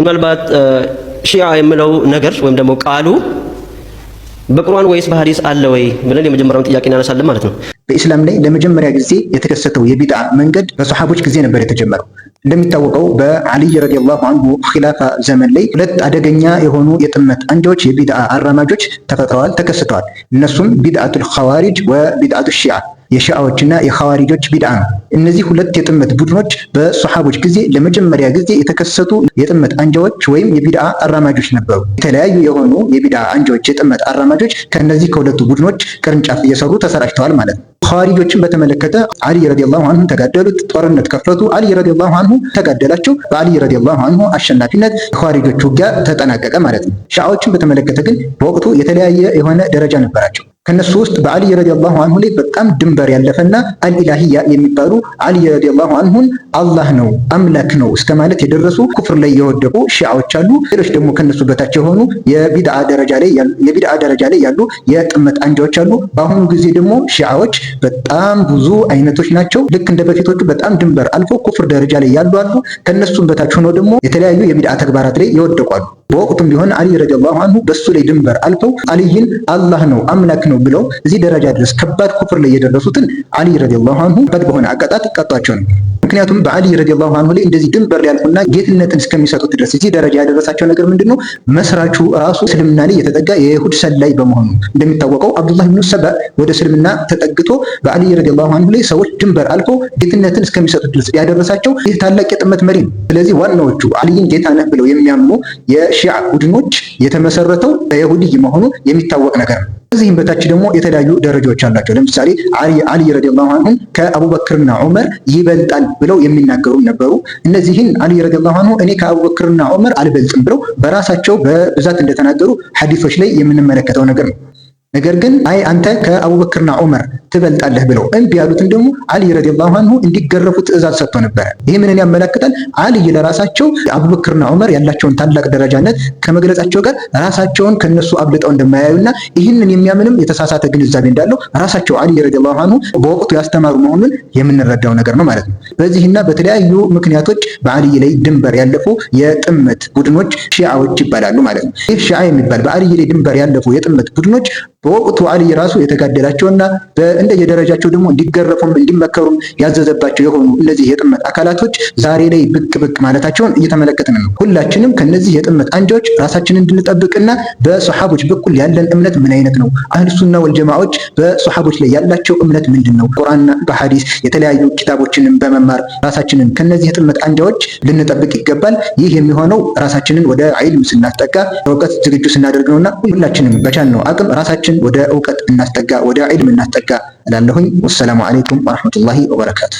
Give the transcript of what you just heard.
ምናልባት ሺአ የምለው ነገር ወይም ደግሞ ቃሉ በቁርአን ወይስ በሐዲስ አለ ወይ ብለን የመጀመሪያውን ጥያቄ እናነሳለን ማለት ነው። በኢስላም ላይ ለመጀመሪያ ጊዜ የተከሰተው የቢድዓ መንገድ በሰሓቦች ጊዜ ነበር የተጀመረው። እንደሚታወቀው በአልይ ረዲየላሁ አንሁ ኪላፋ ዘመን ላይ ሁለት አደገኛ የሆኑ የጥመት አንጃዎች የቢድዓ አራማጆች ተፈጥረዋል፣ ተከስተዋል። እነሱም ቢድዓቱል ኸዋሪጅ ወቢድዓቱ ሺዓ የሺዓዎችና የሐዋሪጆች ቢድዓ ነው። እነዚህ ሁለት የጥመት ቡድኖች በሶሓቦች ጊዜ ለመጀመሪያ ጊዜ የተከሰቱ የጥመት አንጃዎች ወይም የቢድአ አራማጆች ነበሩ። የተለያዩ የሆኑ የቢድ አንጃዎች፣ የጥመት አራማጆች ከእነዚህ ከሁለቱ ቡድኖች ቅርንጫፍ እየሰሩ ተሰራጭተዋል ማለት ነው። ሐዋሪጆችን በተመለከተ አሊ ረዲየላሁ አንሁ ተጋደሉት፣ ጦርነት ከፈቱ። አሊ ረዲየላሁ አንሁ ተጋደላቸው። በአሊ ረዲየላሁ አንሁ አሸናፊነት የሐዋሪጆች ውጊያ ተጠናቀቀ ማለት ነው። ሺዓዎችን በተመለከተ ግን በወቅቱ የተለያየ የሆነ ደረጃ ነበራቸው። ከነሱ ውስጥ በአልይ ረዲየላሁ አንሁ ላይ በጣም ድንበር ያለፈና አልኢላህያ የሚባሉ አልይ ረዲየላሁ አንሁን አላህ ነው አምላክ ነው እስከ ማለት የደረሱ ኩፍር ላይ የወደቁ ሺዓዎች አሉ። ሌሎች ደግሞ ከነሱ በታች የሆኑ የቢድዓ ደረጃ ላይ ያሉ የጥመት አንጃዎች አሉ። በአሁኑ ጊዜ ደግሞ ሺዓዎች በጣም ብዙ አይነቶች ናቸው። ልክ እንደ በፊቶቹ በጣም ድንበር አልፎ ኩፍር ደረጃ ላይ ያሉ አሉ። ከነሱም በታች ሆነው ደግሞ የተለያዩ የቢድዓ ተግባራት ላይ የወደቁ አሉ። በወቅቱም ቢሆን አልይ ረዲየላሁ አንሁ በሱ ላይ ድንበር አልፈው አልይን አላህ ነው አምላክ ነው ብለው እዚህ ደረጃ ድረስ ከባድ ኩፍር ላይ የደረሱትን አሊ ረዲየላሁ አንሁ ከባድ በሆነ አቀጣት ይቀጧቸው ነው። ምክንያቱም በአሊ ረዲየላሁ አንሁ ላይ እንደዚህ ድንበር ሊያልፉና ጌትነትን እስከሚሰጡት ድረስ እዚህ ደረጃ ያደረሳቸው ነገር ምንድን ነው? መስራቹ ራሱ እስልምና ላይ የተጠጋ የይሁድ ሰላይ በመሆኑ እንደሚታወቀው አብዱላህ ብኑ ሰባ ወደ እስልምና ተጠግቶ በአሊ ረዲየላሁ አንሁ ላይ ሰዎች ድንበር አልፎ ጌትነትን እስከሚሰጡት ድረስ ያደረሳቸው ይህ ታላቅ የጥመት መሪ ነው። ስለዚህ ዋናዎቹ አልይን ጌታ ነህ ብለው የሚያምኑ የሺዓ ቡድኖች የተመሰረተው በይሁድይ መሆኑ የሚታወቅ ነገር ነው። ከዚህም በታች ደግሞ የተለያዩ ደረጃዎች አላቸው። ለምሳሌ አልይ ረዲየላሁ አንሁ ከአቡበክርና ዑመር ይበልጣል ብለው የሚናገሩ ነበሩ። እነዚህን አልይ ረዲየላሁ አንሁ እኔ ከአቡበክርና ዑመር አልበልጥም ብለው በራሳቸው በብዛት እንደተናገሩ ሐዲሶች ላይ የምንመለከተው ነገር ነው። ነገር ግን አይ አንተ ከአቡበክርና ዑመር ትበልጣለህ ብለው እምቢ ያሉትን ደግሞ አልይ ረዲየላሁ አንሁ እንዲገረፉ ትእዛዝ ሰጥቶ ነበረ። ይህ ምንን ያመለክታል? አልይ ለራሳቸው አቡበክርና ዑመር ያላቸውን ታላቅ ደረጃነት ከመግለጻቸው ጋር ራሳቸውን ከነሱ አብልጠው እንደማያዩና ይህንን የሚያምንም የተሳሳተ ግንዛቤ እንዳለው ራሳቸው አልይ ረዲየላሁ አንሁ በወቅቱ ያስተማሩ መሆኑን የምንረዳው ነገር ነው ማለት ነው። በዚህና በተለያዩ ምክንያቶች በአልይ ላይ ድንበር ያለፉ የጥመት ቡድኖች ሺዓዎች ይባላሉ ማለት ነው። ይህ ሺዓ የሚባል በአልይ ላይ ድንበር ያለፉ የጥመት ቡድኖች በወቅቱ አልይ ራሱ የተጋደላቸውና እንደየደረጃቸው ደግሞ እንዲገረፉም እንዲመከሩም ያዘዘባቸው የሆኑ እነዚህ የጥመት አካላቶች ዛሬ ላይ ብቅ ብቅ ማለታቸውን እየተመለከትን ነው። ሁላችንም ከነዚህ የጥመት አንጃዎች ራሳችንን እንድንጠብቅና በሶሓቦች በኩል ያለን እምነት ምን አይነት ነው? አህልሱና ወልጀማዎች በሶሓቦች ላይ ያላቸው እምነት ምንድን ነው? ቁርአንና በሐዲስ የተለያዩ ኪታቦችንም በመማር ራሳችንን ከነዚህ የጥመት አንጃዎች ልንጠብቅ ይገባል። ይህ የሚሆነው ራሳችንን ወደ ዒልም ስናስጠጋ እውቀት ዝግጁ ስናደርግ ነውና ሁላችንም በቻልነው አቅም ራሳችን ራሳችን ወደ እውቀት እናስጠጋ፣ ወደ ዒልም እናስጠጋ እላለሁኝ። ወሰላሙ ዓለይኩም ወረሕመቱላሂ ወበረካቱ።